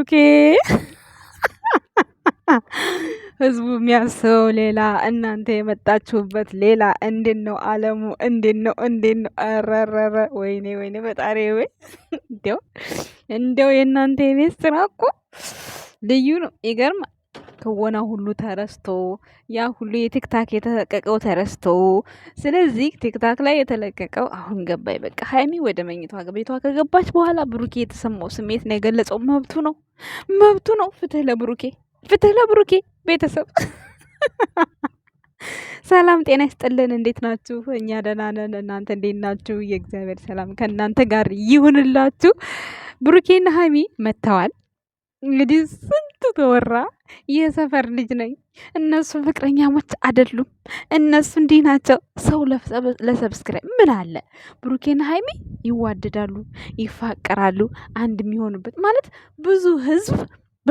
ብሩኬ ህዝቡ የሚያስበው ሌላ፣ እናንተ የመጣችሁበት ሌላ። እንዴት ነው አለሙ? እንዴት ነው እንዴት ነው? ረረረ ወይኔ ወይኔ፣ በጣሪ ወይ እንዲው እንዲው የእናንተ የቤት ስራ እኮ ልዩ ነው። ይገርማል። ክወና ሁሉ ተረስቶ ያ ሁሉ የቲክታክ የተለቀቀው ተረስቶ፣ ስለዚህ ቲክታክ ላይ የተለቀቀው አሁን ገባይ በቃ ሀይሚ ወደ መኝቷ ቤቷ ከገባች በኋላ ብሩኬ የተሰማው ስሜት ነው የገለጸው። መብቱ ነው፣ መብቱ ነው። ፍትህ ለብሩኬ፣ ፍትህ ለብሩኬ ቤተሰብ ሰላም ጤና ይስጥልን። እንዴት ናችሁ? እኛ ደህና ነን። እናንተ እንዴት ናችሁ? የእግዚአብሔር ሰላም ከእናንተ ጋር ይሁንላችሁ። ብሩኬና ሀይሚ መጥተዋል። እንግዲህ ተወራ። የሰፈር ልጅ ነኝ። እነሱ ፍቅረኛሞች አይደሉም። እነሱ እንዲህ ናቸው። ሰው ለሰብስክራይብ ምን አለ? ብሩኬና ሀይሚ ይዋደዳሉ፣ ይፋቀራሉ። አንድ የሚሆኑበት ማለት ብዙ ህዝብ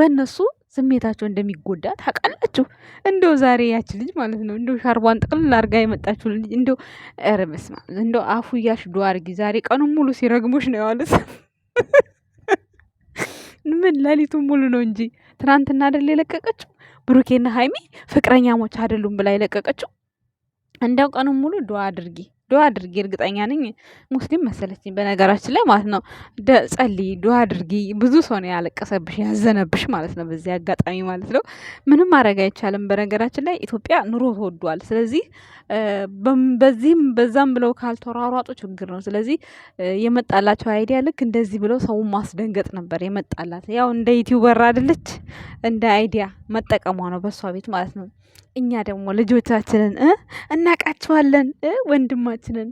በእነሱ ስሜታቸው እንደሚጎዳ ታውቃላችሁ። እንደው ዛሬ ያች ልጅ ማለት ነው እንደው ሻርቧን ጥቅልል አርጋ የመጣችሁ ልጅ እንደው ኧረ በስመ አብ እንደው አፉያሽ ዱ አርጊ። ዛሬ ቀኑን ሙሉ ሲረግሞሽ ነው የዋሉት። ምን ሌሊቱን ሙሉ ነው እንጂ ትናንትና አደል የለቀቀችው? ብሩኬና ሀይሚ ፍቅረኛሞች አይደሉም ብላ የለቀቀችው። እንደው ቀኑን ሙሉ ዱዓ አድርጊ ዱዓ አድርጊ። እርግጠኛ ነኝ ሙስሊም መሰለችኝ በነገራችን ላይ ማለት ነው። ጸልይ፣ ዱዓ አድርጊ። ብዙ ሰው ነው ያለቀሰብሽ ያዘነብሽ ማለት ነው፣ በዚህ አጋጣሚ ማለት ነው። ምንም ማድረግ አይቻልም። በነገራችን ላይ ኢትዮጵያ ኑሮ ተወዷል። ስለዚህ በዚህም በዛም ብለው ካልተሯሯጡ ችግር ነው። ስለዚህ የመጣላቸው አይዲያ ልክ እንደዚህ ብለው ሰውን ማስደንገጥ ነበር የመጣላት። ያው እንደ ዩቲዩበር አይደለች እንደ አይዲያ መጠቀሟ ነው በእሷ ቤት ማለት ነው። እኛ ደግሞ ልጆቻችንን እናቃቸዋለን፣ ወንድማችንን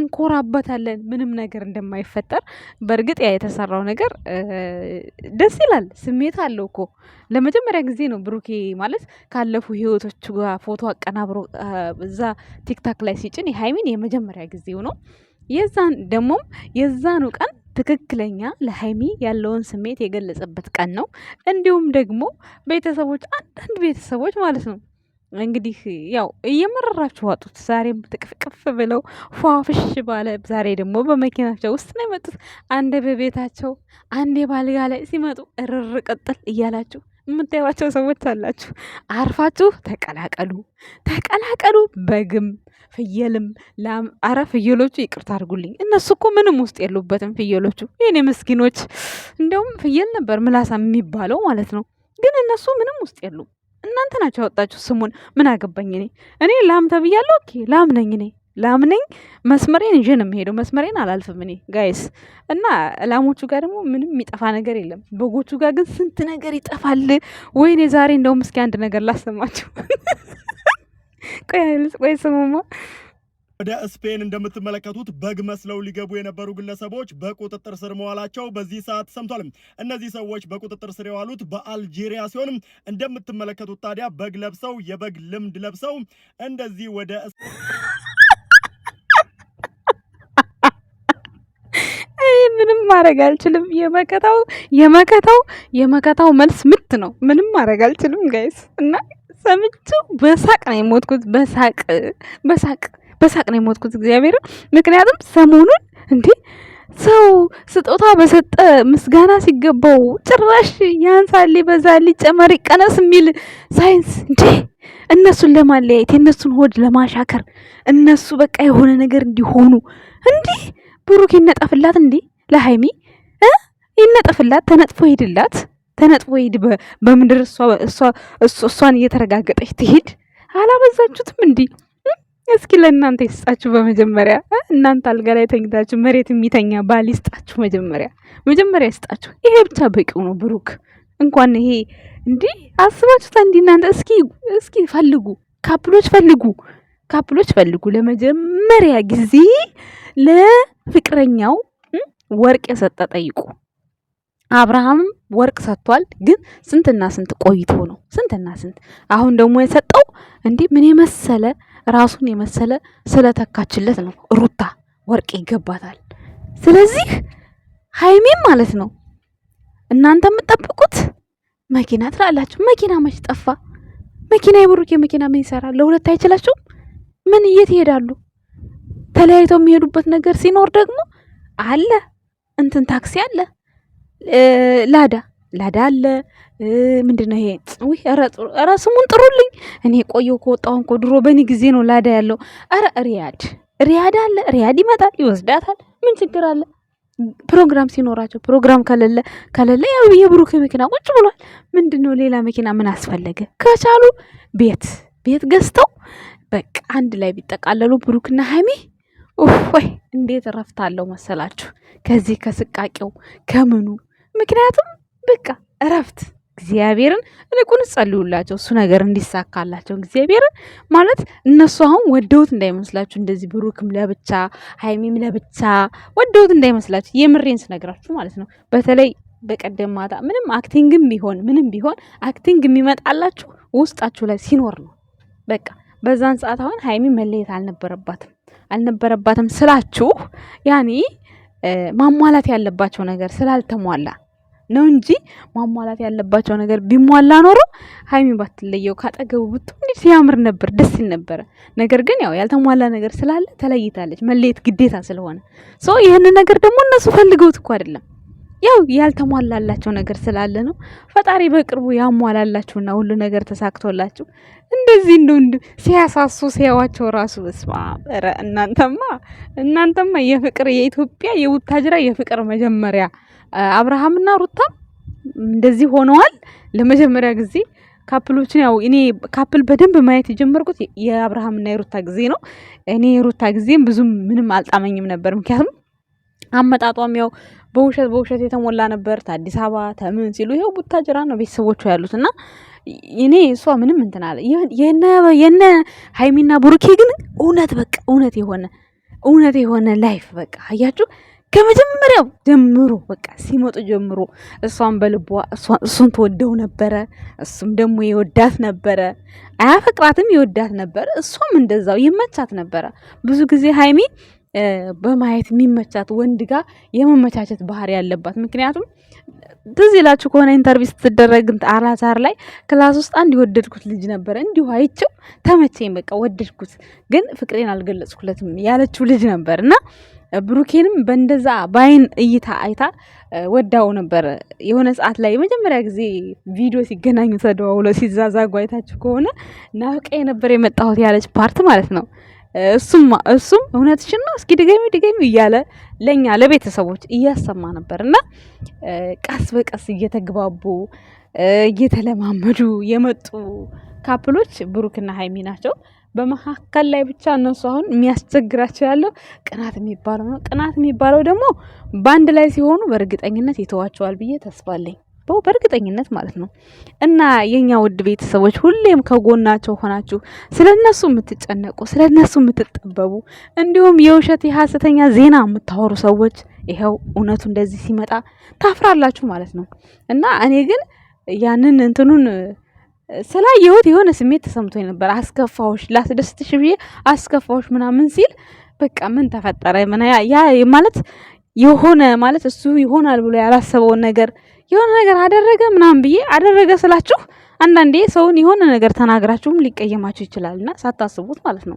እንኮራበታለን፣ ምንም ነገር እንደማይፈጠር። በእርግጥ ያ የተሰራው ነገር ደስ ይላል፣ ስሜት አለው እኮ ለመጀመሪያ ጊዜ ነው ብሩኬ ማለት ካለፉ ህይወቶቹ ጋር ፎቶ አቀናብሮ እዛ ቲክታክ ላይ ሲጭን የሀይሚን የመጀመሪያ ጊዜው ነው። የዛን ደግሞም የዛኑ ቀን ትክክለኛ ለሀይሚ ያለውን ስሜት የገለጸበት ቀን ነው። እንዲሁም ደግሞ ቤተሰቦች አንዳንድ ቤተሰቦች ማለት ነው እንግዲህ ያው እየመረራችሁ ዋጡት። ዛሬም ጥቅፍቅፍ ብለው ፏፍሽ ባለ ዛሬ ደግሞ በመኪናቸው ውስጥ ነው የመጡት። አንድ በቤታቸው አንዴ ባልጋ ላይ ሲመጡ እርር ቅጥል እያላችሁ የምታዩቸው ሰዎች አላችሁ። አርፋችሁ ተቀላቀሉ ተቀላቀሉ። በግም ፍየልም ላም። አረ ፍየሎቹ ይቅርታ አድርጉልኝ፣ እነሱ እኮ ምንም ውስጥ የሉበትም ፍየሎቹ። የኔ ምስኪኖች፣ እንደውም ፍየል ነበር ምላሳ የሚባለው ማለት ነው። ግን እነሱ ምንም ውስጥ የሉም። እናንተ ናቸው ያወጣችሁ ስሙን። ምን አገባኝ እኔ እኔ ላም ተብያለሁ። ኦኬ ላም ነኝ እኔ ላም ነኝ። መስመሬን ይዤ ነው የምሄደው። መስመሬን አላልፍም እኔ ጋይስ። እና ላሞቹ ጋር ደግሞ ምንም የሚጠፋ ነገር የለም። በጎቹ ጋር ግን ስንት ነገር ይጠፋል። ወይኔ ዛሬ እንደውም እስኪ አንድ ነገር ላሰማችሁ። ቆይ ቆይ ስሙማ ወደ ስፔን እንደምትመለከቱት በግ መስለው ሊገቡ የነበሩ ግለሰቦች በቁጥጥር ስር መዋላቸው በዚህ ሰዓት ሰምቷል። እነዚህ ሰዎች በቁጥጥር ስር የዋሉት በአልጄሪያ ሲሆን እንደምትመለከቱት ታዲያ በግ ለብሰው የበግ ልምድ ለብሰው እንደዚህ ወደ ምንም ማድረግ አልችልም። የመከታው የመከታው የመከታው መልስ ምት ነው። ምንም ማድረግ አልችልም ጋይስ እና ሰምቼው በሳቅ ነው የሞትኩት። በሳቅ በሳቅ በሳቅ ነው የሞትኩት እግዚአብሔርን። ምክንያቱም ሰሞኑን እንዴ ሰው ስጦታ በሰጠ ምስጋና ሲገባው ጭራሽ ያንሳል፣ በዛሌ፣ ጨመሪ፣ ይቀነስ የሚል ሳይንስ እንዴ እነሱን ለማለያየት የእነሱን ሆድ ለማሻከር እነሱ በቃ የሆነ ነገር እንዲሆኑ እንዲህ ብሩክ ይነጠፍላት እንዴ ለሀይሚ ይነጠፍላት፣ ተነጥፎ ሄድላት፣ ተነጥፎ ሄድ በምድር እሷን እየተረጋገጠች ትሄድ። አላበዛችሁትም እንዲህ እስኪ ለእናንተ ይስጣችሁ። በመጀመሪያ እናንተ አልጋ ላይ ተኝታችሁ መሬት የሚተኛ ባል ይስጣችሁ። መጀመሪያ መጀመሪያ ይስጣችሁ። ይሄ ብቻ በቂው ነው። ብሩክ እንኳን ይሄ እንዲህ አስባችሁታ። እንዲህ እናንተ እስኪ እስኪ ፈልጉ፣ ካፕሎች ፈልጉ፣ ካፕሎች ፈልጉ። ለመጀመሪያ ጊዜ ለፍቅረኛው ወርቅ የሰጠ ጠይቁ። አብርሃም ወርቅ ሰጥቷል፣ ግን ስንትና ስንት ቆይቶ ነው ስንትና ስንት። አሁን ደግሞ የሰጠው እንዲህ ምን የመሰለ ራሱን የመሰለ ስለተካችለት ነው ሩታ ወርቅ ይገባታል። ስለዚህ ሀይሜም ማለት ነው እናንተ የምጠብቁት መኪና ትላላችሁ። መኪና መች ጠፋ? መኪና የብሩኬ መኪና ምን ይሰራል? ለሁለት አይችላችሁም ምን የት ይሄዳሉ? ተለያይተው የሚሄዱበት ነገር ሲኖር ደግሞ አለ እንትን ታክሲ አለ ላዳ ላዳ አለ ነው ይሄ? ውይ ስሙን ጥሩልኝ። እኔ ቆየሁ ከወጣሁ እኮ ድሮ በእኔ ጊዜ ነው ላዳ ያለው። ኧረ ሪያድ ሪያድ አለ። ሪያድ ይመጣል ይወስዳታል። ምን ችግር አለ? ፕሮግራም ሲኖራቸው ፕሮግራም ከሌለ ከሌለ ያው የብሩክ መኪና ቁጭ ብሏል። ምንድነው ሌላ መኪና ምን አስፈለገ? ከቻሉ ቤት ቤት ገዝተው በቃ አንድ ላይ ቢጠቃለሉ ብሩክና ሀሚ ወይ እንዴት እረፍታለሁ መሰላችሁ ከዚህ ከስቃቄው ከምኑ ምክንያቱም በቃ እረፍት እግዚአብሔርን እልቁን ጸልዩላቸው፣ እሱ ነገር እንዲሳካላቸው። እግዚአብሔርን ማለት እነሱ አሁን ወደውት እንዳይመስላችሁ እንደዚህ ብሩክም ለብቻ ሀይሚም ለብቻ ወደውት እንዳይመስላችሁ፣ የምሬን ስነግራችሁ ማለት ነው። በተለይ በቀደም ማታ ምንም አክቲንግም ቢሆን ምንም ቢሆን አክቲንግ የሚመጣላችሁ ውስጣችሁ ላይ ሲኖር ነው። በቃ በዛን ሰዓት አሁን ሀይሚ መለየት አልነበረባትም አልነበረባትም ስላችሁ ያኔ ማሟላት ያለባቸው ነገር ስላልተሟላ ነው እንጂ ማሟላት ያለባቸው ነገር ቢሟላ ኖሮ ሀይሚ ባትለየው ካጠገቡ ብትሆን ሲያምር ነበር፣ ደስ ይል ነበረ። ነገር ግን ያው ያልተሟላ ነገር ስላለ ተለይታለች፣ መለየት ግዴታ ስለሆነ ሶ ይህንን ነገር ደግሞ እነሱ ፈልገውት እኮ አይደለም ያው ያልተሟላላቸው ነገር ስላለ ነው። ፈጣሪ በቅርቡ ያሟላላችሁና ሁሉ ነገር ተሳክቶላችሁ እንደዚህ እንደው ሲያሳሱ ሲያዋቸው ራሱ በስማ ኧረ እናንተማ እናንተማ የፍቅር የኢትዮጵያ የቡታጅራ የፍቅር መጀመሪያ አብርሃምና ሩታም እንደዚህ ሆነዋል። ለመጀመሪያ ጊዜ ካፕሎችን ያው እኔ ካፕል በደንብ ማየት የጀመርኩት የአብርሃምና የሩታ ጊዜ ነው። እኔ የሩታ ጊዜም ብዙም ምንም አልጣመኝም ነበር ምክንያቱም አመጣጧም ያው በውሸት በውሸት የተሞላ ነበር። አዲስ አበባ ተምን ሲሉ ይኸው ቡታጅራ ነው ቤተሰቦቿ ያሉት እና እኔ እሷ ምንም እንትን አለ የነ ሀይሚና ቡሩኬ ግን እውነት በቃ እውነት የሆነ እውነት የሆነ ላይፍ በቃ አያችሁ። ከመጀመሪያው ጀምሮ በቃ ሲመጡ ጀምሮ እሷን በልቧ እሱን ትወደው ነበረ። እሱም ደግሞ የወዳት ነበረ። አያፈቅራትም፣ የወዳት ነበረ። እሷም እንደዛው ይመቻት ነበረ። ብዙ ጊዜ ሀይሚ በማየት የሚመቻት ወንድ ጋር የመመቻቸት ባህሪ ያለባት። ምክንያቱም ትዝ ይላችሁ ከሆነ ኢንተርቪው ስትደረግ አላዛር ላይ ክላስ ውስጥ አንድ የወደድኩት ልጅ ነበረ። እንዲሁ አይቼው ተመቼኝ፣ በቃ ወደድኩት፣ ግን ፍቅሬን አልገለጽኩለትም ያለችው ልጅ ነበር እና ብሩኬንም በእንደዛ በአይን እይታ አይታ ወዳው ነበር የሆነ ሰዓት ላይ የመጀመሪያ ጊዜ ቪዲዮ ሲገናኙ ተደዋውሎ ሲዛዛጉ አይታችሁ ከሆነ ናፍቄ ነበር የመጣሁት ያለች ፓርት ማለት ነው። እሱም እሱም እውነትሽን ነው እስኪ ድገሚ ድገሚ እያለ ለእኛ ለቤተሰቦች እያሰማ ነበር እና ቀስ በቀስ እየተግባቡ እየተለማመዱ የመጡ ካፕሎች ብሩክና ሀይሚ ናቸው። በመካከል ላይ ብቻ እነሱ አሁን የሚያስቸግራቸው ያለው ቅናት የሚባለው ነው። ቅናት የሚባለው ደግሞ በአንድ ላይ ሲሆኑ በእርግጠኝነት ይተዋቸዋል ብዬ ተስፋ አለኝ። በእርግጠኝነት ማለት ነው። እና የኛ ውድ ቤተሰቦች ሁሌም ከጎናቸው ሆናችሁ ስለ እነሱ የምትጨነቁ ስለ እነሱ የምትጠበቡ እንዲሁም የውሸት የሀሰተኛ ዜና የምታወሩ ሰዎች ይኸው እውነቱ እንደዚህ ሲመጣ ታፍራላችሁ ማለት ነው። እና እኔ ግን ያንን እንትኑን ስላየሁት የሆነ ስሜት ተሰምቶኝ ነበር። አስከፋዎች ላስደስትሽ ብዬ አስከፋዎች ምናምን ሲል በቃ ምን ተፈጠረ ያ ማለት የሆነ ማለት እሱ ይሆናል ብሎ ያላሰበውን ነገር የሆነ ነገር አደረገ ምናምን ብዬ አደረገ ስላችሁ አንዳንዴ ሰውን የሆነ ነገር ተናግራችሁም ሊቀየማችሁ ይችላልና ሳታስቡት ማለት ነው።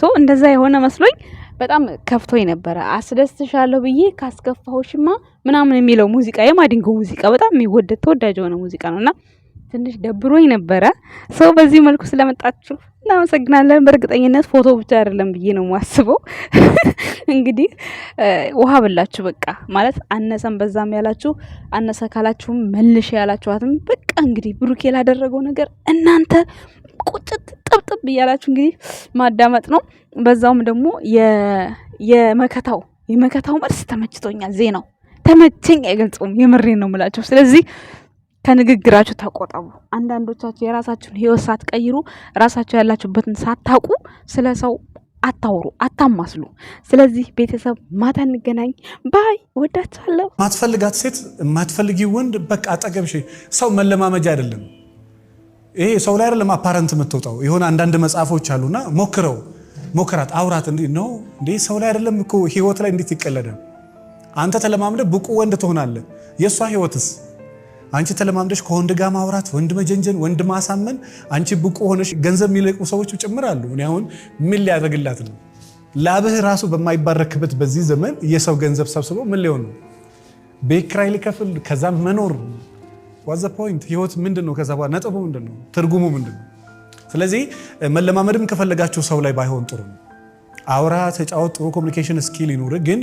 ሶ እንደዛ የሆነ መስሎኝ በጣም ከፍቶኝ ነበረ። አስደስትሻለሁ ብዬ ካስከፋሁሽማ ምናምን የሚለው ሙዚቃ የማዲንጎ ሙዚቃ በጣም የሚወደድ ተወዳጅ የሆነ ሙዚቃ ነውና ትንሽ ደብሮኝ ነበረ። ሰው በዚህ መልኩ ስለመጣችሁ እናመሰግናለን። በእርግጠኝነት ፎቶ ብቻ አይደለም ብዬ ነው የማስበው። እንግዲህ ውሃ ብላችሁ በቃ ማለት አነሰም በዛም ያላችሁ አነሰ ካላችሁም መልሼ ያላችኋትም በቃ እንግዲህ ብሩኬ ላደረገው ነገር እናንተ ቁጭት ጥብጥብ እያላችሁ እንግዲህ ማዳመጥ ነው። በዛውም ደግሞ የመከታው የመከታው መልስ ተመችቶኛል። ዜናው ተመቸኝ አይገልጽም። የምሬን ነው የምላቸው። ስለዚህ ከንግግራችሁ ተቆጠቡ። አንዳንዶቻችሁ የራሳችሁን ህይወት ሳትቀይሩ ራሳችሁ ያላችሁበትን ሳታውቁ ስለ ሰው አታውሩ፣ አታማስሉ። ስለዚህ ቤተሰብ ማታ እንገናኝ። ባይ ወዳችኋለሁ። ማትፈልጋት ሴት ማትፈልጊ ወንድ በቃ አጠገብሽ ሰው መለማመጃ አይደለም። ይሄ ሰው ላይ አይደለም አፓረንት የምትወጣው የሆነ አንዳንድ መጽሐፎች አሉና ሞክረው ሞክራት አውራት እንዲህ ነው እንዴ? ሰው ላይ አይደለም እኮ ህይወት ላይ እንዴት ይቀለደ አንተ ተለማምደ ብቁ ወንድ ትሆናለህ። የእሷ ህይወትስ አንቺ ተለማምደሽ ከወንድ ጋር ማውራት፣ ወንድ መጀንጀን፣ ወንድ ማሳመን፣ አንቺ ብቁ ሆነሽ ገንዘብ የሚለቁ ሰዎች ጭምር አሉ። እኔ አሁን ምን ሊያደርግላት ነው? ላብህ ራሱ በማይባረክበት በዚህ ዘመን የሰው ገንዘብ ሰብስቦ ምን ሊሆን ነው? ቤት ኪራይ ሊከፍል ከዛ መኖር ዋዘ ፖይንት ህይወት ምንድን ነው? ከዛ በኋላ ነጥቡ ምንድን ነው? ትርጉሙ ምንድን ነው? ስለዚህ መለማመድም ከፈለጋችሁ ሰው ላይ ባይሆን ጥሩ ነው። አውራ ተጫወት፣ ጥሩ ኮሚኒኬሽን ስኪል ይኑር። ግን